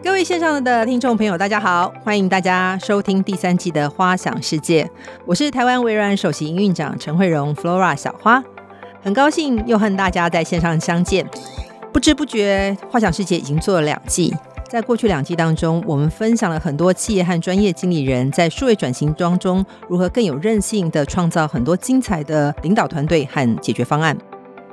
各位線上的聽眾朋友，大家好！歡迎大家收聽第三季的《花想世界》，我是台灣微軟首席營運長陳慧蓉 （Flora） 小花，很高興又和大家在線上相見。不知不覺，《花想世界》已經做了兩季，在過去兩季當中，我們分享了很多企業和專業經理人在數位轉型當中，中如何更有韌性地創造很多精彩的領導團隊和解決方案。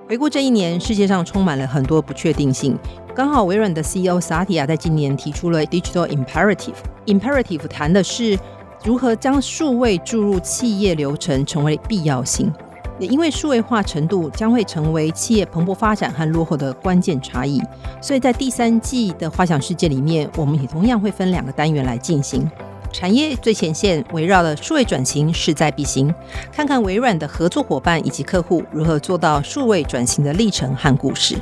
回顧這一年，世界上充滿了很多不確定性。剛好微軟的 CEO 薩提亞在今年提出了 Digital Imperative。Imperative 談的是如何將數位注入企業流程成為必要性。也因為數位化程度將會成為企業蓬勃發展和落後的關鍵差異，所以在第三季的花想世界裡面，我們也同樣會分兩個單元來進行。產業最前線，圍繞了數位轉型勢在必行，看看微軟的合作夥伴以及客戶如何做到數位轉型的歷程和故事。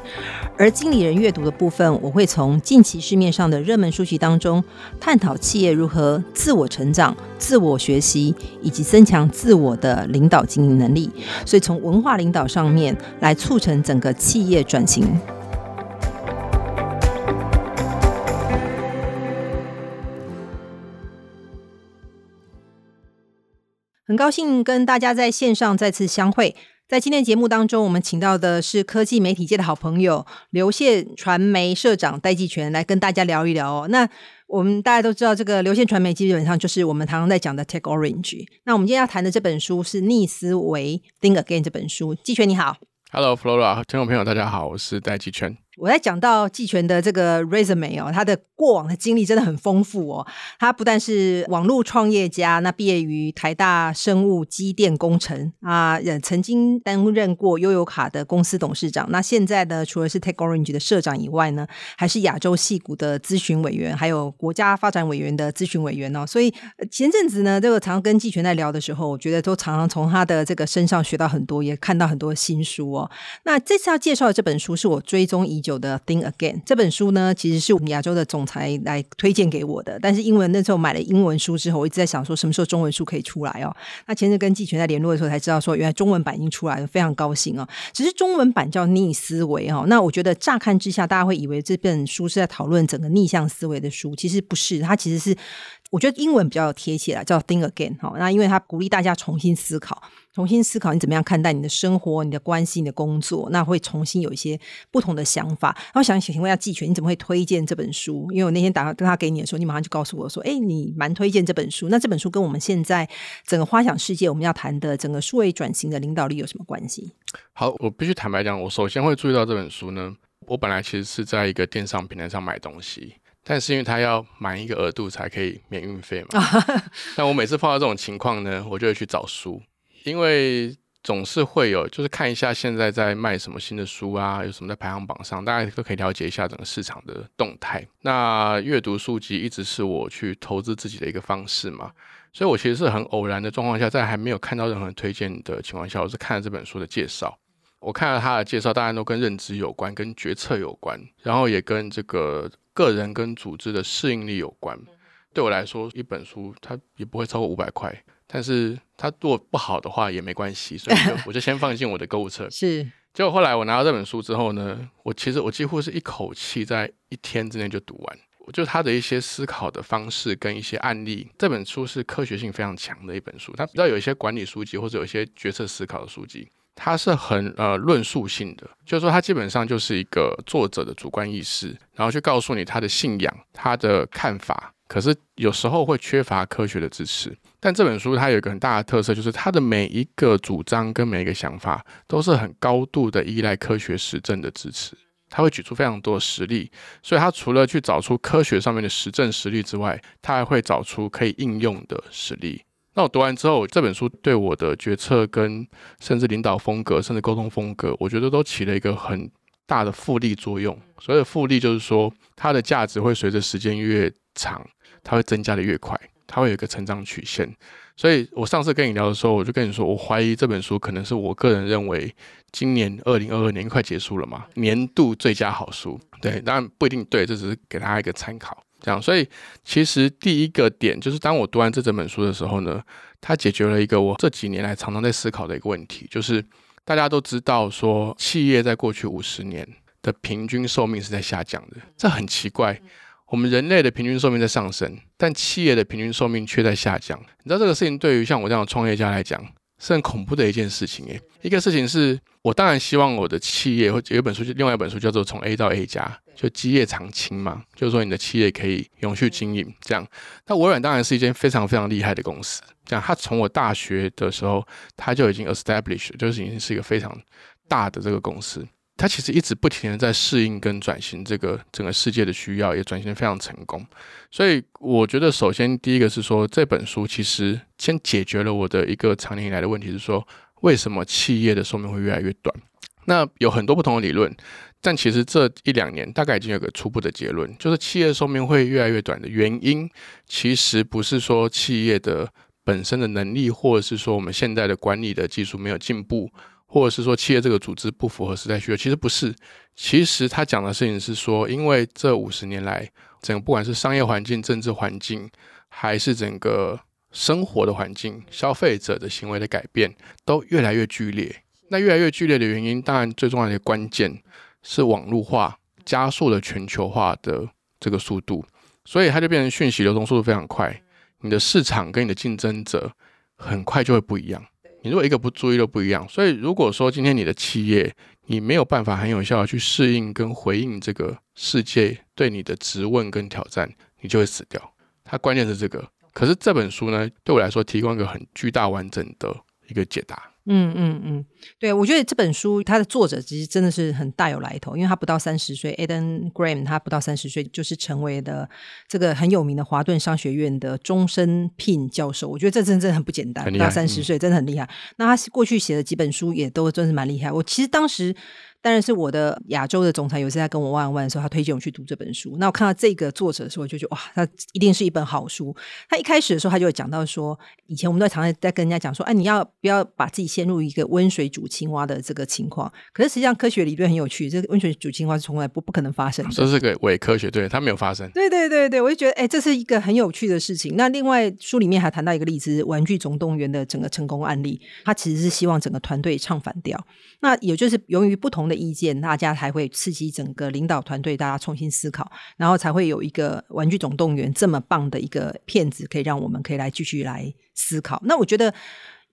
而經理人閱讀的部分，我會從近期市面上的熱門書籍當中，探討企業如何自我成長、自我學習以及增強自我的領導經營能力，所以從文化領導上面來促成整個企業轉型。很高興跟大家在線上再次相會。在今天節目當中，我們請到的是科技媒體界的好朋友流線傳媒社長戴季全，來跟大家聊一聊哦。那我們大家都知道，這個流線傳媒基本上就是我們常常在講的 Tech Orange。那我們今天要談的這本書是《逆思維》（Think Again） 這本書。季全你好，Hello Flora，聽眾朋友大家好，我是戴季全。我在講到季全的這個 resume 哦，他的過往的經歷真的很豐富哦。他不但是網絡創業家，那畢業於台大生物機電工程啊，也曾經擔任過悠遊卡的公司董事長。那現在呢，除了是 TechOrange 的社長以外呢，還是亞洲矽谷的諮詢委員，還有國家發展委員的諮詢委員哦。所以前陣子呢，這個常常跟季全在聊的時候，我覺得都常常從他的這個身上學到很多，也看到很多新書哦。那這次要介紹的這本書是我追蹤一。久的《Think Again》這本書呢，其實是我們亞洲的總裁來推薦給我的。但是因為那時候買了英文書之後，我一直在想說，什麼時候中文書可以出來哦？那前日跟季全在聯絡的時候才知道，說原來中文版已經出來了，非常高興哦。只是中文版叫逆思維哦。那我覺得乍看之下，大家會以為這本書是在討論整個逆向思維的書，其實不是，它其實是。我覺得英文比較貼切了，叫 “Think Again” 哈、哦。那因為他鼓勵大家重新思考，重新思考你怎麼樣看待你的生活、你的關係、你的工作，那會重新有一些不同的想法。然後想請問一下季全，你怎麼會推薦這本書？因為我那天打電話給你的時候，你馬上就告訴我說：“哎、欸，你蠻推薦這本書。”那這本書跟我們現在整個花想世界我們要談的整個數位轉型的領導力有什麼關係？好，我必須坦白講，我首先會注意到這本書呢，我本來其實是在一個電商平台上買東西。但是因為他要滿一個額度才可以免運費嘛，那我每次碰到這種情況呢，我就會去找書，因為總是會有，就是看一下現在在賣什麼新的書啊，有什麼在排行榜上，大家都可以了解一下整個市場的動態。那閱讀書籍一直是我去投資自己的一個方式嘛，所以我其實是很偶然的狀況下，在還沒有看到任何人推薦的情況下，我是看了這本書的介紹，我看了他的介紹，大概都跟認知有關，跟決策有關，然後也跟這個。個人跟組織的適應力有關。對我來說，一本書它也不會超過五百塊，但是它如果不好的話也沒關係，所以就我就先放進我的購物車。 是。結果後來我拿到這本書之後呢，我其實我幾乎是一口氣在一天之內就讀完。就他的一些思考的方式跟一些案例，這本書是科學性非常強的一本書。它比較有一些管理書籍或者有一些決策思考的書籍。它是很呃論述性的，就是說它基本上就是一個作者的主觀意識，然後去告訴你他的信仰、他的看法。可是有時候會缺乏科學的支持。但這本書它有一個很大的特色，就是它的每一個主張跟每一個想法都是很高度的依賴科學實證的支持。他會舉出非常多的實例，所以他除了去找出科學上面的實證實例之外，他還會找出可以應用的實例。那我讀完之後，這本書對我的決策、跟甚至領導風格、甚至溝通風格，我覺得都起了一個很大的複利作用。所以的複利就是說，它的價值會隨着時間越長，它會增加得越快，它會有一個成長曲線。所以我上次跟你聊的時候，我就跟你說，我懷疑這本書可能是我個人認為今年二零二二年快結束了嘛，年度最佳好書。對，當然不一定對，這只是給大家一個參考。這樣，所以其實第一個點就是，當我讀完這整本書的時候呢，它解決了一個我這幾年來常常在思考的一個問題，就是大家都知道說，企業在過去五十年的平均壽命是在下降的。這很奇怪，我們人類的平均壽命在上升，但企業的平均壽命卻在下降。你知道這個事情對於像我這樣的創業家來講，是很恐怖的一件事情。欸，誒，一個事情是我當然希望我的企業或者有一本書，就另外一本書叫做《從 A 到 A 加》，就基業長青嘛，就是說你的企業可以永續經營。這樣，那微軟當然是一間非常非常厲害的公司，這樣，他從我大學的時候他就已經 establish，就是已經是一個非常大的這個公司。它其實一直不停地在適應跟轉型這個整個世界的需要，也轉型得非常成功。所以我覺得，首先第一個是說，這本書其實先解決了我的一個長年以來的問題，是說為什麼企業的壽命會越來越短？那有很多不同的理論，但其實這一兩年大概已經有個初步的結論，就是企業的壽命會越來越短的原因，其實不是說企業的本身的能力，或者是說我們現在的管理的技術沒有進步。或者是說企業這個組織不符合時代需要，其實不是，其實他講的事情是說，因為這五十年來，整個不管是商業環境、政治環境，還是整個生活的環境、消費者的行為的改變，都越來越劇烈。那越來越劇烈的原因，當然最重要的一個關鍵是網絡化加速了全球化的這個速度，所以它就變成訊息流通速度非常快，你的市場跟你的競爭者很快就會不一樣。你如果一個不注意，都不一樣。所以，如果說今天你的企業你沒有辦法很有效的去適應跟回應這個世界對你的質問跟挑戰，你就會死掉。它關鍵是這個。可是這本書呢，對我來說提供一個很巨大完整的一個解答。嗯嗯嗯，對，我覺得這本書它的作者其實真的是很大有來頭，因為他不到三十歲，Adam Grant，他不到三十歲就是成為的這個很有名的華頓商學院的終身聘教授，我覺得這真的很不簡單，不到三十歲真的很厲害、嗯。那他過去寫的幾本書也都真是蠻厲害，我其實當時。當然是我的亞洲的總裁，有一次在跟我問問的時候，他推薦我去讀這本書。那我看到這個作者的時候，我就覺得哇，他一定是一本好書。他一開始的時候，他就講到說，以前我們都在常常在跟人家講說，哎、啊，你要不要把自己陷入一個溫水煮青蛙的這個情況？可是實際上，科學理論很有趣，這個溫水煮青蛙是從來不不可能發生的，這是個偽科學，對，它沒有發生。對對對對，我就覺得哎，這是一個很有趣的事情。那另外書裡面還談到一個例子，《玩具總動員》的整個成功案例，他其實是希望整個團隊唱反調，那也就是由於不同的。意見，大家才會刺激整個領導團隊，大家重新思考，然後才會有一個《玩具總動員》這麼棒的一個片子，可以讓我們可以來繼續來思考。那我覺得，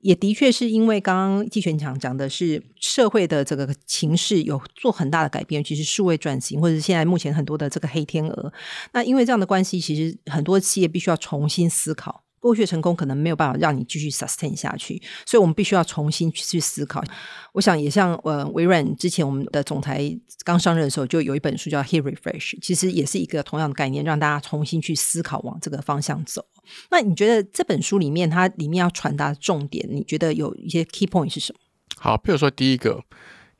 也的確是因為剛剛季全強講的是社會的這個情勢有做很大的改變，尤其是數位轉型，或者是現在目前很多的這個黑天鵝。那因為這樣的關係，其實很多企業必須要重新思考。過去成功可能沒有辦法讓你繼續 sustain 下去，所以我們必須要重新去思考。我想也像呃微軟之前我們的總裁剛上任的時候，就有一本書叫《Hit Refresh》，其實也是一個同樣的概念，讓大家重新去思考往這個方向走。那你覺得這本書裡面它裡面要傳達的重點，你覺得有一些 key point 是什麼？好，比如說第一個，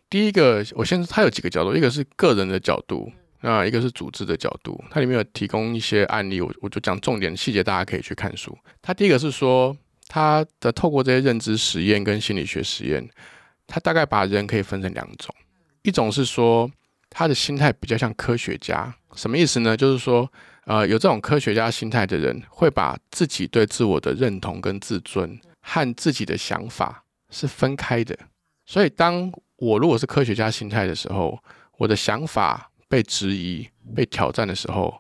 第一個，我先它有幾個角度，一個是個人的角度。那、呃、一個是組織的角度，它裡面有提供一些案例，我我就講重點細節，大家可以去看書。它第一個是說，它的透過這些認知實驗跟心理學實驗，它大概把人可以分成兩種，一種是說他的心態比較像科學家，什麼意思呢？就是說，呃，有這種科學家心態的人會把自己對自我的認同跟自尊和自己的想法是分開的，所以當我如果是科學家心態的時候，我的想法。被質疑、被挑戰的時候，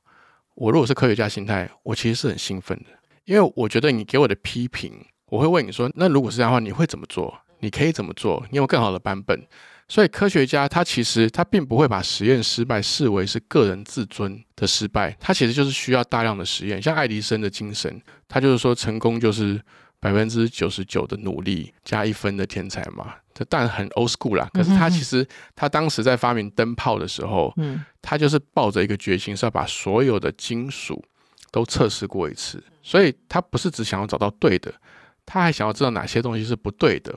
我如果是科學家心態，我其實是很興奮的，因為我覺得你給我的批評，我會問你說，那如果是這樣的話，你會怎麼做？你可以怎麼做？你有更好的版本？所以科學家他其實他並不會把實驗失敗視為是個人自尊的失敗，他其實就是需要大量的實驗，像愛迪生的精神，他就是說成功就是百分之九十九的努力，加一分的天才嘛。這但很 old school 啦，可是他其實他當時在發明燈泡的時候，嗯哼哼，他就是抱着一個決心是要把所有的金屬都測試過一次，所以他不是只想要找到對的，他還想要知道哪些東西是不對的。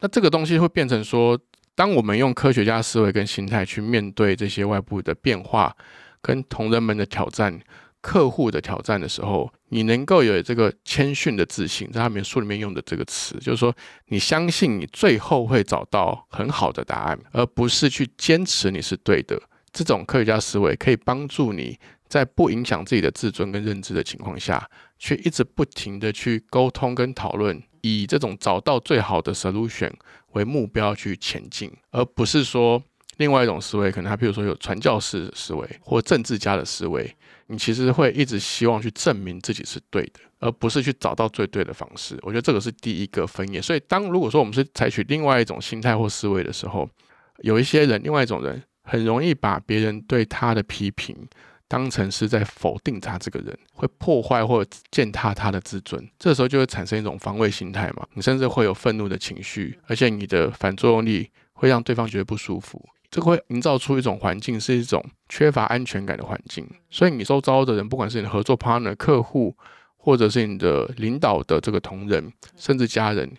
那這個東西會變成說，當我們用科學家思維跟心態去面對這些外部的變化跟同仁們的挑戰，客戶的挑戰的時候，你能夠有這個謙遜的自信，在他們書裡面用的這個詞，就是說你相信你最後會找到很好的答案，而不是去堅持你是對的。這種科學家思維可以幫助你在不影響自己的自尊跟認知的情況下，去一直不停地去溝通跟討論，以這種找到最好的 solution 為目標去前進，而不是說另外一種思維，可能他譬如說有傳教士思維或政治家的思維。你其實會一直希望去證明自己是對的，而不是去找到最對的方式。我覺得這個是第一個分野。所以，當如果說我們是採取另外一種心態或思維的時候，有一些人，另外一種人，很容易把別人對他的批評當成是在否定他這個人，會破壞或踐踏他的自尊。這時候就會產生一種防衛心態嘛，你甚至會有憤怒的情緒，而且你的反作用力會讓對方覺得不舒服。這會營造出一種環境，是一種缺乏安全感的環境。所以你周遭的人，不管是你的合作 partner、客戶，或者是你的領導的這個同仁，甚至家人，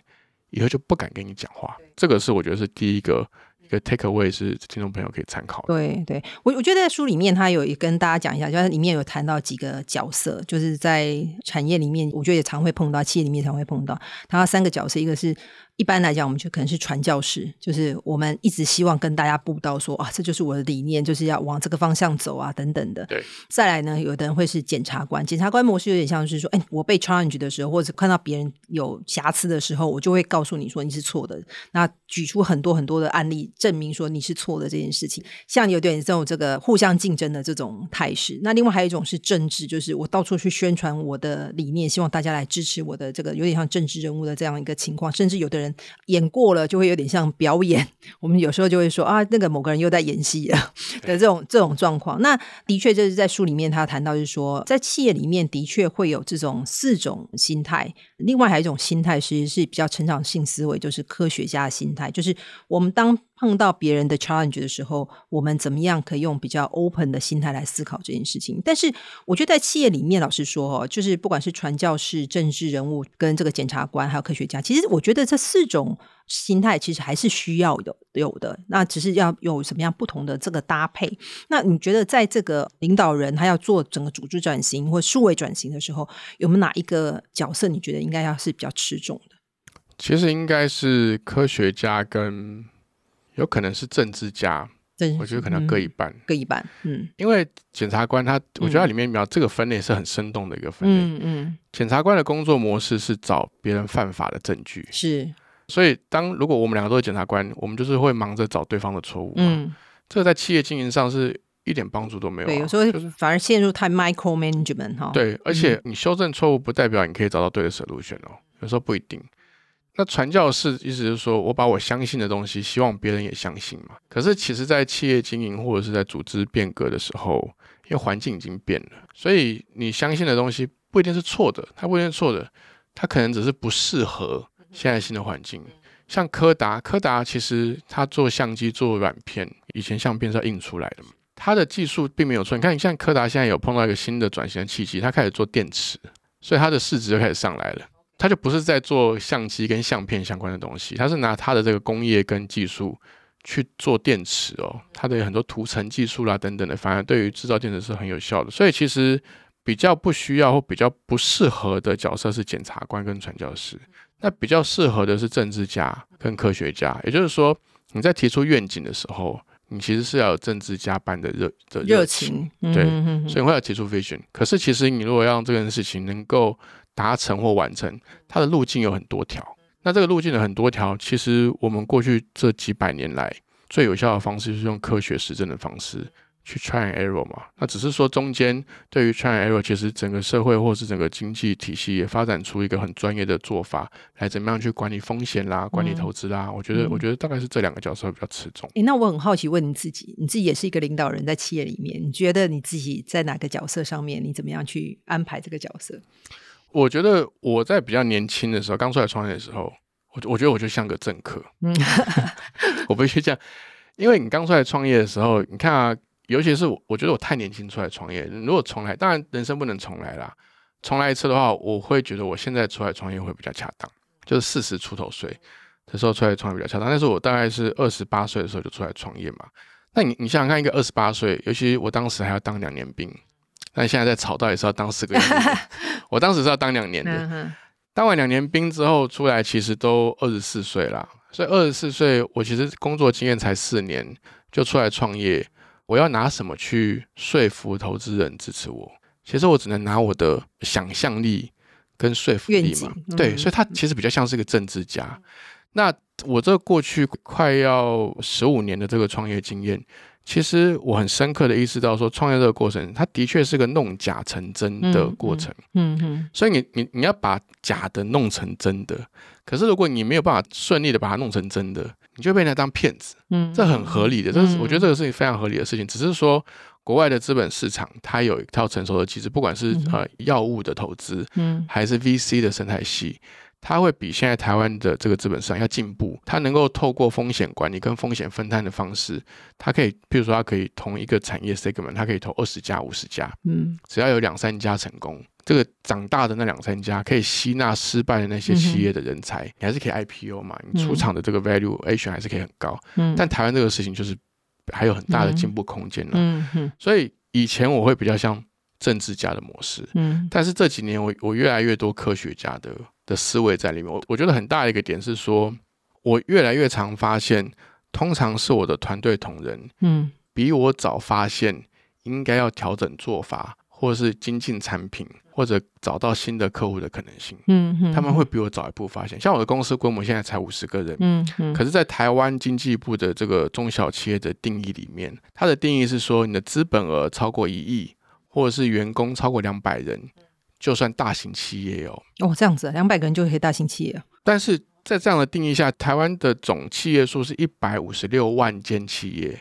以後就不敢跟你講話。這個是我覺得是第一個一個 takeaway，是聽眾朋友可以參考的。對，對我我覺得在書裡面他有一跟大家講一下，就是裡面有談到幾個角色，就是在產業裡面，我覺得也常會碰到，企業裡面也常會碰到，他三個角色，一個是。一般來講，我們就可能是傳教士，就是我們一直希望跟大家布道，說啊，這就是我的理念，就是要往這個方向走啊，等等的。對。再來呢，有的人會是檢察官，檢察官模式有點像是說，哎，我被 challenge 的時候，或者看到別人有瑕疵的時候，我就會告訴你說你是錯的，那舉出很多很多的案例，證明說你是錯的這件事情。像有點這種這個互相競爭的這種態勢。那另外還有一種是政治，就是我到處去宣傳我的理念，希望大家來支持我的這個有點像政治人物的這樣一個情況，甚至有的人。演過了，就會有點像表演，我們有時候就會說啊，那個某個人又在演戲了的這種這種狀況。那的確就是在書裡面他談到，就是說在企業裡面的確會有這種四種心態，另外還有一種心態其實是比較成長性思維，就是科學家的心態，就是我們當。碰到別人的 challenge 的時候，我們怎麼樣可以用比較 open 的心態來思考這件事情？但是我覺得在企業裡面，老實說哦，就是不管是傳教士、政治人物、跟這個檢察官，還有科學家，其實我覺得這四種心態其實還是需要有有的。那只是要有什麼樣不同的這個搭配？那你覺得在這個領導人他要做整個組織轉型或數位轉型的時候，有沒有哪一個角色你覺得應該要是比較吃重的？其實應該是科學家跟。有可能是政治家，對，我覺得可能各一半，嗯，各一半。嗯，因為檢察官他，我覺得他裡面描這個分類是很生動的一個分類。嗯嗯。檢察官的工作模式是找別人犯法的證據，是。所以，當如果我們兩個都是檢察官，我們就是會忙着找對方的錯誤。嗯。這個在企業經營上是一點幫助都沒有啊。對，有時候反而陷入太 micromanagement 哈，就是嗯。對，而且你修正錯誤不代表你可以找到對的 solution 哦，有時候不一定。那傳教士意思就是說，我把我相信的東西，希望別人也相信嘛。可是其實，在企業經營或者是在組織變革的時候，因為環境已經變了，所以你相信的東西不一定是錯的，它不一定是錯的，它可能只是不適合現在新的環境。像柯達，柯達其實它做相機、做軟片，以前相片是要印出來的嘛，它的技術並沒有錯。你看，你像柯達現在有碰到一個新的轉型契機，它開始做電池，所以它的市值就開始上來了。他就不是在做相機跟相片相關的東西，他是拿他的這個工業跟技術去做電池哦，他的很多塗層技術啦、啊、等等的，反而對於製造電池是很有效的。所以其實比較不需要或比較不適合的角色是檢察官跟傳教士，那比較適合的是政治家跟科學家。也就是說，你在提出願景的時候，你其實是要有政治家般的熱熱情，情，對，嗯嗯嗯，所以你會要提出 vision。可是其實你如果讓這件事情能夠達成或完成它的路徑有很多條，那這個路徑有很多條，其實我們過去這幾百年來最有效的方式就是用科學實證的方式去 try and error 嘛，那只是說中間對於 try and error，其實整個社會或是整個經濟體系也發展出一個很專業的做法，來怎麼樣去管理風險啦，管理投資啦、嗯。我覺得，我覺得大概是這兩個角色比較持重、嗯欸。那我很好奇問你自己，你自己也是一個領導人在企業裡面，你覺得你自己在哪個角色上面，你怎麼樣去安排這個角色？我覺得我在比較年輕的時候，剛出來創業的時候，我我覺得我就像個政客， 我不去這樣，因為你剛出來創業的時候，你看啊，尤其是我，我覺得我太年輕出來創業。如果重來，當然人生不能重來啦，重來一次的話，我會覺得我現在出來創業會比較恰當，就是四十出頭歲的時候出來創業比較恰當。但是我大概是二十八歲的時候就出來創業嘛，那你你想想看，一個二十八歲，尤其我當時還要當兩年兵。但現在在炒，到也是要當四個月？ 我當時是要當兩年的，當完兩年兵之後出來，其實都二十四歲了。所以二十四歲，我其實工作經驗才四年就出來創業，我要拿什麼去說服投資人支持我？其實我只能拿我的想象力跟說服力嘛、嗯。對，所以他其實比較像是一個政治家。那我這過去快要十五年的這個創業經驗。其實我很深刻的意識到，說創業這個過程，它的確是個弄假成真的過程。嗯嗯，嗯，嗯，所以你你你要把假的弄成真的，可是如果你沒有辦法順利的把它弄成真的，你就被人家當騙子。嗯，這很合理的，這是、嗯、我覺得這是一個是非常合理的事情，只是說國外的資本市場它有一套成熟的機制，不管是呃藥物的投資，嗯，還是 VC 的生態系。它會比現在台灣的這個資本市場要進步，它能夠透過風險管理跟風險分攤的方式，它可以，譬如說，它可以同一個產業 segment，它可以投二十家、五十家，嗯，只要有兩三家成功，這個長大的那兩三家可以吸納失敗的那些企業的人才，你還是可以 IPO 嘛，你出場的這個 valuation 還是可以很高。但台灣這個事情就是還有很大的進步空間了，所以以前我會比較像。政治家的模式，嗯，但是這幾年我我越來越多科學家的的思維在裡面。我我覺得很大的一個點是說，我越來越常發現，通常是我的團隊同仁，嗯，比我早發現應該要調整做法，或是精進產品，或者找到新的客戶的可能性，嗯嗯，他們會比我早一步發現。像我的公司規模現在才五十個人，嗯嗯，可是在台灣經濟部的這個中小企業的定義裡面，它的定義是說你的資本額超過一億。或者是員工超過兩百人，就算大型企業哦。哦，這樣子，兩百個人就可以大型企業。但是在這樣的定義下，台灣的總企業數是一百五十六萬間企業，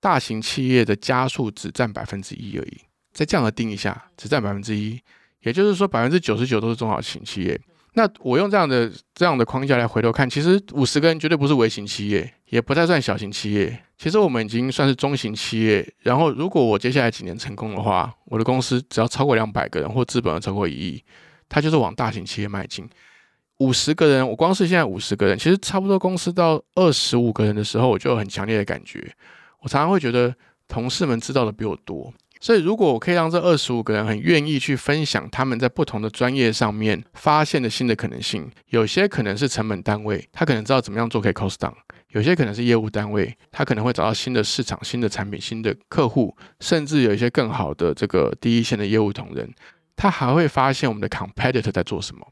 大型企業的家數只佔百分之一而已。在這樣的定義下，只佔百分之一，也就是說百分之九十九都是中小型企業。那我用這樣的這樣的框架來回頭看，其實五十個人絕對不是微型企業，也不太算小型企業。其實我們已經算是中型企業。然後，如果我接下來幾年成功的話，我的公司只要超過兩百個人或資本超過一億，它就是往大型企業邁進。五十個人，我光是現在五十個人，其實差不多。公司到二十五個人的時候，我就有很強烈的感覺，我常常會覺得同事們知道的比我多。所以，如果我可以讓這二十五個人很願意去分享他們在不同的專業上面發現的新的可能性，有些可能是成本單位，他可能知道怎麼樣做可以 cost down。有些可能是業務單位，他可能會找到新的市場、新的產品、新的客戶，甚至有一些更好的這個第一線的業務同仁，他還會發現我們的 competitor 在做什麼。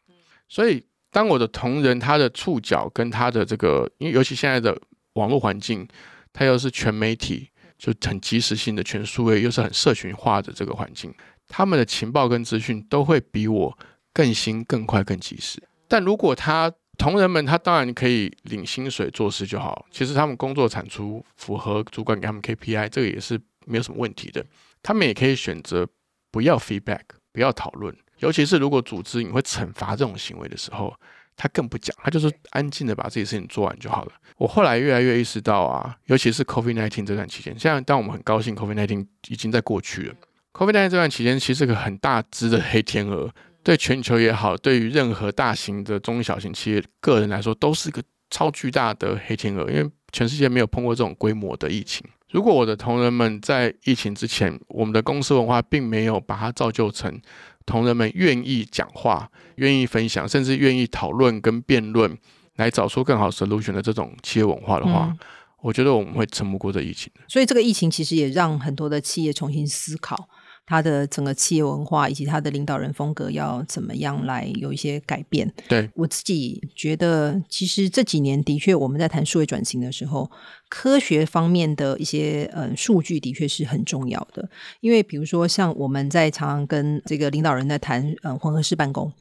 所以，當我的同仁他的觸角跟他的這個，因為尤其現在的網絡環境，它又是全媒體，就很即時性的全數位，又是很社群化的這個環境，他們的情報跟資訊都會比我更新、更快、更即時。但如果他，同仁們，他當然可以領薪水做事就好。其實他們工作產出符合主管給他們 KPI，這個也是沒有什麼問題的。他們也可以選擇不要 feedback，不要討論。尤其是如果組織你會懲罰這種行為的時候，他更不講，他就是安靜的把自己事情做完就好了。我後來越來越意識到啊，尤其是 COVID-19 這段期間，現在當我們很高興 COVID-19 已經在過去了，COVID-19 這段期間其實是個很大只的黑天鵝。對全球也好，對於任何大型的中、小型企業個人來說，都是一個超巨大的黑天鵝，因為全世界沒有碰過這種規模的疫情。如果我的同仁們在疫情之前，我們的公司文化並沒有把它造就成同仁們願意講話、願意分享，甚至願意討論跟辯論，來找出更好 Solution 的這種企業文化的話，嗯、我覺得我們會撐不過這疫情。所以，這個疫情其實也讓很多的企業重新思考。他的整個企業文化以及他的領導人風格要怎麼樣來有一些改變？對。我自己覺得，其實這幾年的確我們在談數位轉型的時候，科學方面的一些、嗯、數據的確是很重要的。因為比如說，像我們在常常跟這個領導人在談嗯混合式辦公。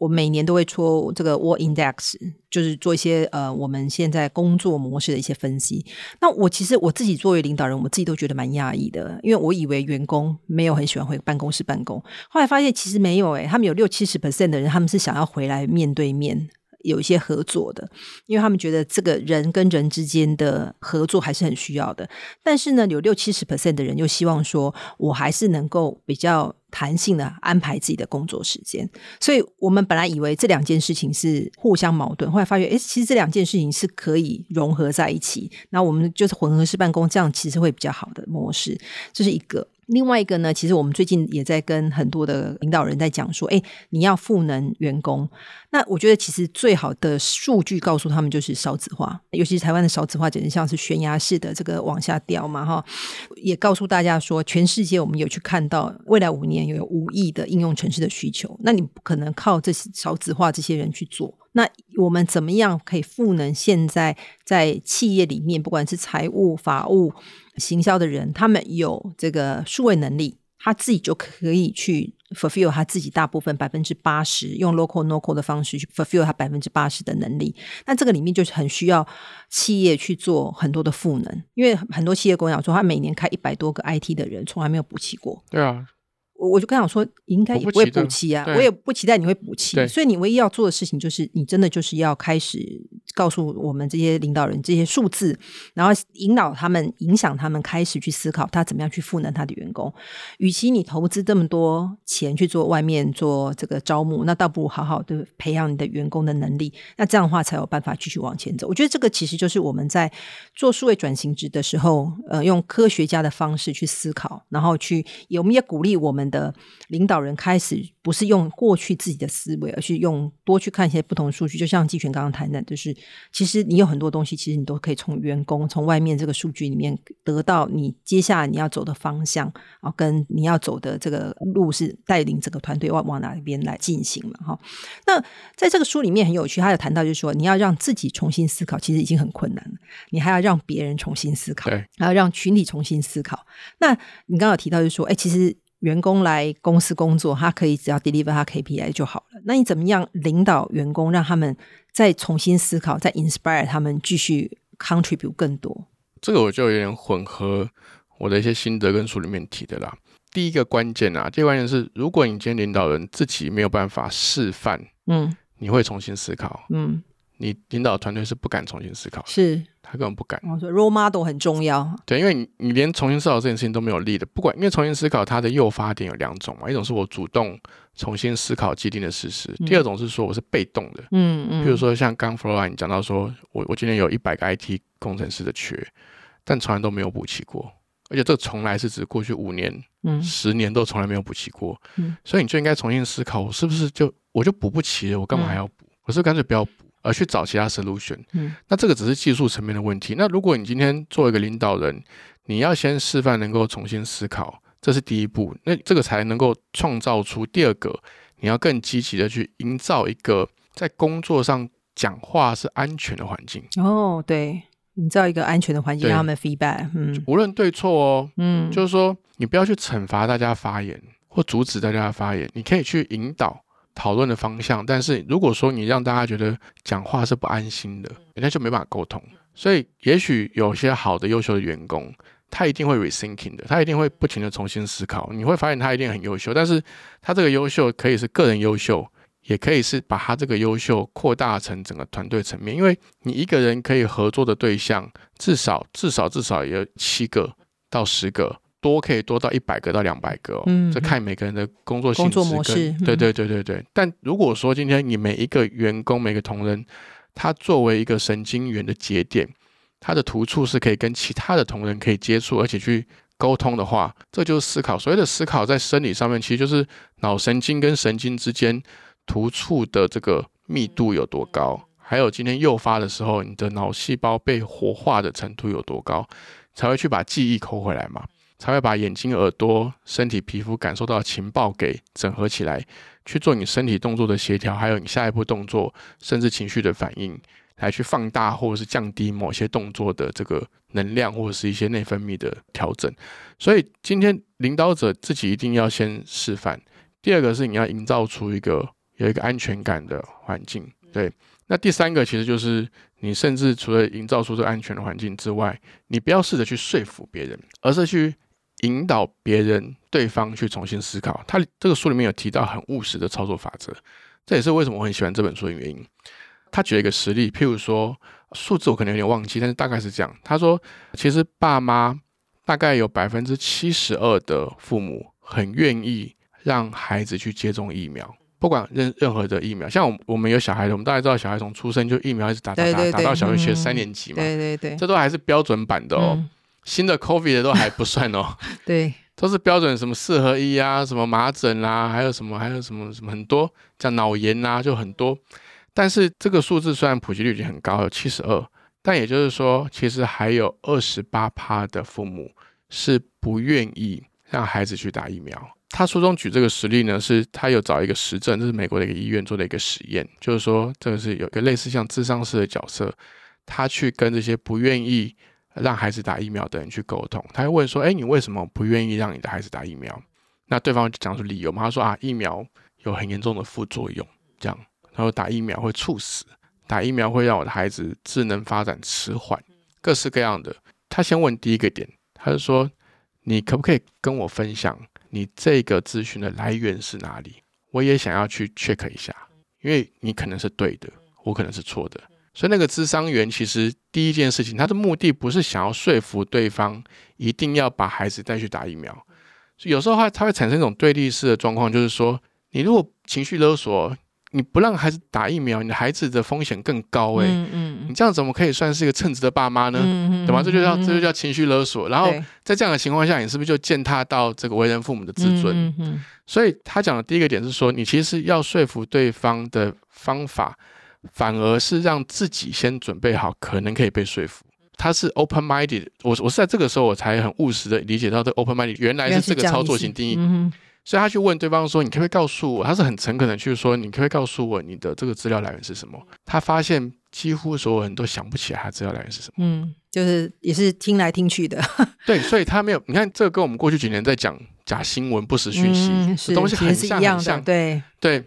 我每年都會出這個 Work Index，就是做一些呃我們現在工作模式的一些分析。那我其實我自己作為領導人，我自己都覺得蠻訝異的，因為我以為員工沒有很喜歡回辦公室辦公，後來發現其實沒有誒、欸，他們有六七十 percent 的人他們是想要回來面對面，有一些合作的，因為他們覺得這個人跟人之間的合作還是很需要的。但是呢，有六七十 percent 的人又希望說，我還是能夠比較彈性的安排自己的工作時間。所以我們本來以為這兩件事情是互相矛盾，後來發覺，哎，其實這兩件事情是可以融合在一起。那我們就是混合式辦公，這樣其實會比較好的模式，這是一個。另外一個呢，其實我們最近也在跟很多的領導人在講說，哎，你要賦能員工。那我覺得其實最好的數據告訴他們就是少子化，尤其是台灣的少子化，簡直像是懸崖式的這個往下掉嘛，哈。也告訴大家說，全世界我們有去看到，未來五年有五億的應用程式的需求，那你不可能靠這些少子化這些人去做。那我們怎麼樣可以賦能現在在企業裡面，不管是財務、法務、行銷的人，他們有這個數位能力，他自己就可以去 fulfill 他自己大部分百分之八十，用 low code no code 的方式去 fulfill 他百分之八十的能力。那這個裡面就是很需要企業去做很多的賦能，因為很多企業跟我講說，他每年開一百多個 IT 的人，從來沒有補齊過。對啊。我就剛想說，應該也不會補氣啊，我也不期待你會補氣，所以你唯一要做的事情就是，你真的就是要開始告訴我們這些領導人這些數字，然後引導他們、影響他們，開始去思考他怎麼樣去賦能他的員工。與其你投資這麼多錢去做外面做這個招募，那倒不如好好的培養你的員工的能力。那這樣的話才有辦法繼續往前走。我覺得這個其實就是我們在做數位轉型值的時候，呃，用科學家的方式去思考，然後去我們也鼓勵我們。的領導人開始不是用過去自己的思維，而是用多去看一些不同的數據。就像季全剛剛談的，就是其實你有很多東西，其實你都可以從員工、從外面這個數據裡面得到你接下來你要走的方向，然後跟你要走的這個路是帶領整個團隊往往哪一邊來進行嘛？哈，那在這個書裡面很有趣，他有談到就是說，你要讓自己重新思考，其實已經很困難了，你還要讓別人重新思考，還要讓群體重新思考。那你剛剛有提到就是說，哎、欸，其實。員工來公司工作，他可以只要 deliver 他 KPI 就好了。那你怎麼樣領導員工，讓他們再重新思考，再 inspire 他們繼續 contribute 更多？這個我就有點混合我的一些心得跟書裡面提的啦。第一個關鍵啊，第一個關鍵是，如果你今天領導人自己沒有辦法示範，嗯，你會重新思考，嗯。你領導團隊是不敢重新思考，是他根本不敢。Oh, so、role model 很重要，對，因為你你連重新思考這件事情都沒有力的，不管因為重新思考它的誘發點有兩種嘛，一種是我主動重新思考既定的事實，嗯、第二種是說我是被動的，嗯嗯。比如說像剛 Flora 你講到說，我我今年有一百個 IT 工程師的缺，但從來都沒有補齊過，而且這從來是指過去五年、嗯十年都從來沒有補齊過、嗯，所以你就應該重新思考，我是不是就我就補不齊了，我幹嘛還要補？嗯、我是乾脆不要補。而去找其他 solution，嗯，那這個只是技術層面的問題。那如果你今天做一個領導人，你要先示範能夠重新思考，這是第一步。那這個才能夠創造出第二個，你要更積極的去營造一個在工作上講話是安全的環境。哦，對，營造一個安全的環境，讓他們 feedback，嗯，無論對錯哦，嗯，就是說你不要去懲罰大家發言或阻止大家發言，你可以去引導討論的方向，但是如果說你讓大家覺得講話是不安心的，人家就沒辦法溝通。所以，也許有些好的、優秀的員工，他一定會 rethinking 的，他一定會不停的重新思考。你會發現他一定很優秀，但是他這個優秀可以是個人優秀，也可以是把他這個優秀擴大成整個團隊層面。因為你一個人可以合作的對象，至少至少至少也有七個到十個。多可以多到一百個到兩百個，哦嗯，這看每個人的工作性質跟工作模式，嗯。對對對對對。但如果說今天你每一個員工，每個同仁，他作為一個神經元的節點，他的突觸是可以跟其他的同仁可以接觸，而且去溝通的話，這就是思考。所謂的思考，在生理上面，其實就是腦神經跟神經之間突觸的這個密度有多高，還有今天誘發的時候，你的腦細胞被活化的程度有多高，才會去把記憶摳回來嘛。才會把眼睛、耳朵、身體、皮膚感受到的情報給整合起來，去做你身體動作的協調，還有你下一步動作，甚至情緒的反應，來去放大或者是降低某些動作的這個能量，或者是一些內分泌的調整。所以今天領導者自己一定要先示範。第二個是你要營造出一個有一個安全感的環境，對。那第三個其實就是你甚至除了營造出這安全的環境之外，你不要試着去說服別人，而是去。引導別人對方去重新思考，他這個書裡面有提到很務實的操作法則，這也是為什麼我很喜歡這本書的原因。他舉了一個實例，譬如說數字我可能有點忘記，但是大概是這樣。他說，其實爸媽大概有百分之七十二的父母很願意讓孩子去接種疫苗，不管任任何的疫苗。像我們我們有小孩，我們大概知道小孩從出生就疫苗一直打打打，對對對，打到小學學三年級嘛，嗯、對，對，對，這都還是標準版的哦。嗯新的 COVID 的都還不算哦， 對，都是標準什麼四合一啊，什麼麻疹啦，啊，還有什麼，還有什麼什麼很多，像腦炎啊，就很多。但是這個數字雖然普及率已經很高，有七十二，但也就是說，其實還有二十八趴的父母是不願意讓孩子去打疫苗。他書中舉這個實例呢，是他有找一個實證，這是美國的一個醫院做的一個實驗，就是說這個是有一個類似像諮商師的角色，他去跟這些不願意讓孩子打疫苗的人去溝通，他會問說：“哎、欸，你為什麼不願意讓你的孩子打疫苗？”那對方就講出理由嘛。他說：“啊，疫苗有很嚴重的副作用，這樣，他說打疫苗會猝死，打疫苗會讓我的孩子智能發展遲緩，各式各樣的。”他先問第一個點，他就說：“你可不可以跟我分享你這個資訊的來源是哪裡？我也想要去 check 一下，因為你可能是對的，我可能是錯的。”所以那個諮商員其實第一件事情，他的目的不是想要說服對方一定要把孩子帶去打疫苗，所以有時候他他會產生一種對立式的狀況，就是說你如果情緒勒索，你不讓孩子打疫苗，你的孩子的風險更高，欸，哎、嗯嗯，你這樣怎麼可以算是一個稱職的爸媽呢？嗯對吧？這就叫這就叫情緒勒索。然後在這樣的情況下，你是不是就踐踏到這個為人父母的自尊？嗯、所以他講的第一個點是說，你其實要說服對方的方法。反而是讓自己先準備好，可能可以被說服。他是 open minded，我我是在這個時候我才很務實的理解到這 open minded 原來是這個操作性定義、嗯。所以他去問對方說：“你可不可以告訴我？”他是很誠懇的去說：“你可不可以告訴我你的這個資料來源是什麼？”他發現幾乎所有人都想不起來他資料來源是什麼。嗯，就是也是聽來聽去的。 對，所以他沒有你看，這個跟我們過去幾年在講假新聞、不實訊息東西很像。對對。對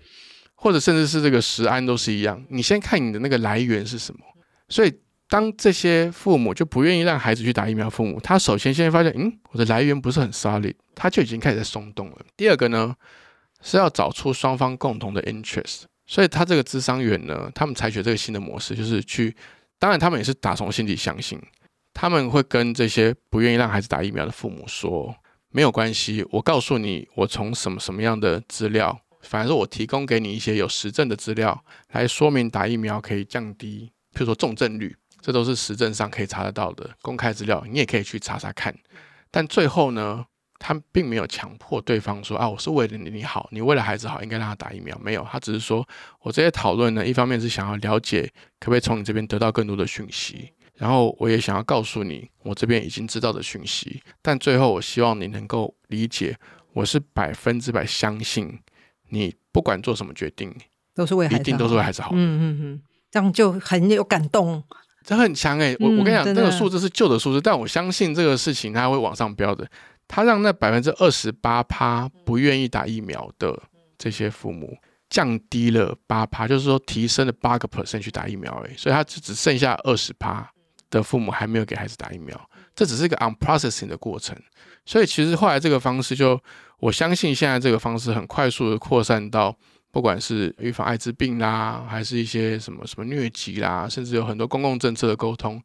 或者甚至是這個食安都是一樣，你先看你的那個來源是什麼。所以當這些父母就不願意讓孩子去打疫苗，父母他首先先發現，嗯，我的來源不是很 solid，他就已經開始在松動了。第二個呢，是要找出雙方共同的 interest。所以他這個諮商員呢，他們採取這個新的模式，就是去，當然他們也是打從心底相信，他們會跟這些不願意讓孩子打疫苗的父母說，沒有關係，我告訴你，我從什麼什麼樣的資料。反正我提供給你一些有實證的資料，來說明打疫苗可以降低，譬如說重症率，這都是實證上可以查得到的公開資料，你也可以去查查看。但最後呢，他並沒有強迫對方說啊，我是為了你，你好，你為了孩子好，應該讓他打疫苗。沒有，他只是說我這些討論呢，一方面是想要了解可不可以從你這邊得到更多的訊息，然後我也想要告訴你我這邊已經知道的訊息。但最後，我希望你能夠理解，我是百分之百相信。你不管做什麼決定，都是為孩子，一定都是為孩子好。嗯嗯嗯，這樣就很有感動。這很強哎、欸，我、嗯、我跟你講，這、啊那個數字是舊的數字，但我相信這個事情它會往上飆的。它讓那百分之二十八趴不願意打疫苗的這些父母，降低了八趴，就是說提升了八個 percent 去打疫苗哎、欸，所以它就只剩下二十趴的父母還沒有給孩子打疫苗。這只是一個 unprocessing 的過程，所以其實後來這個方式就。我相信現在這個方式很快速的擴散到，不管是預防艾滋病啦，還是一些什麼什麼瘧疾啦，甚至有很多公共政策的溝通，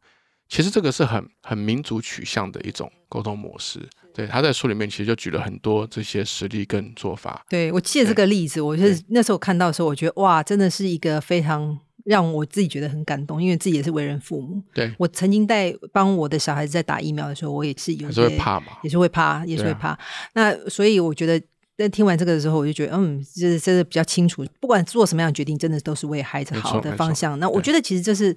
其實這個是很很民主取向的一種溝通模式。對，他在書裡面其實就舉了很多這些實例跟做法。對，我借這個例子，我就是那時候看到的時候，我覺得哇，真的是一個非常。讓我自己覺得很感動，因為自己也是為人父母。對，我曾經在幫我的小孩子在打疫苗的時候，我也是有時候怕嘛，也是會怕，也是會怕。啊、那所以我覺得，在聽完這個的時候，我就覺得，嗯，這、就是、真的比較清楚。不管做什麼樣的決定，真的都是為孩子好的方向。那我覺得，其實這、就是。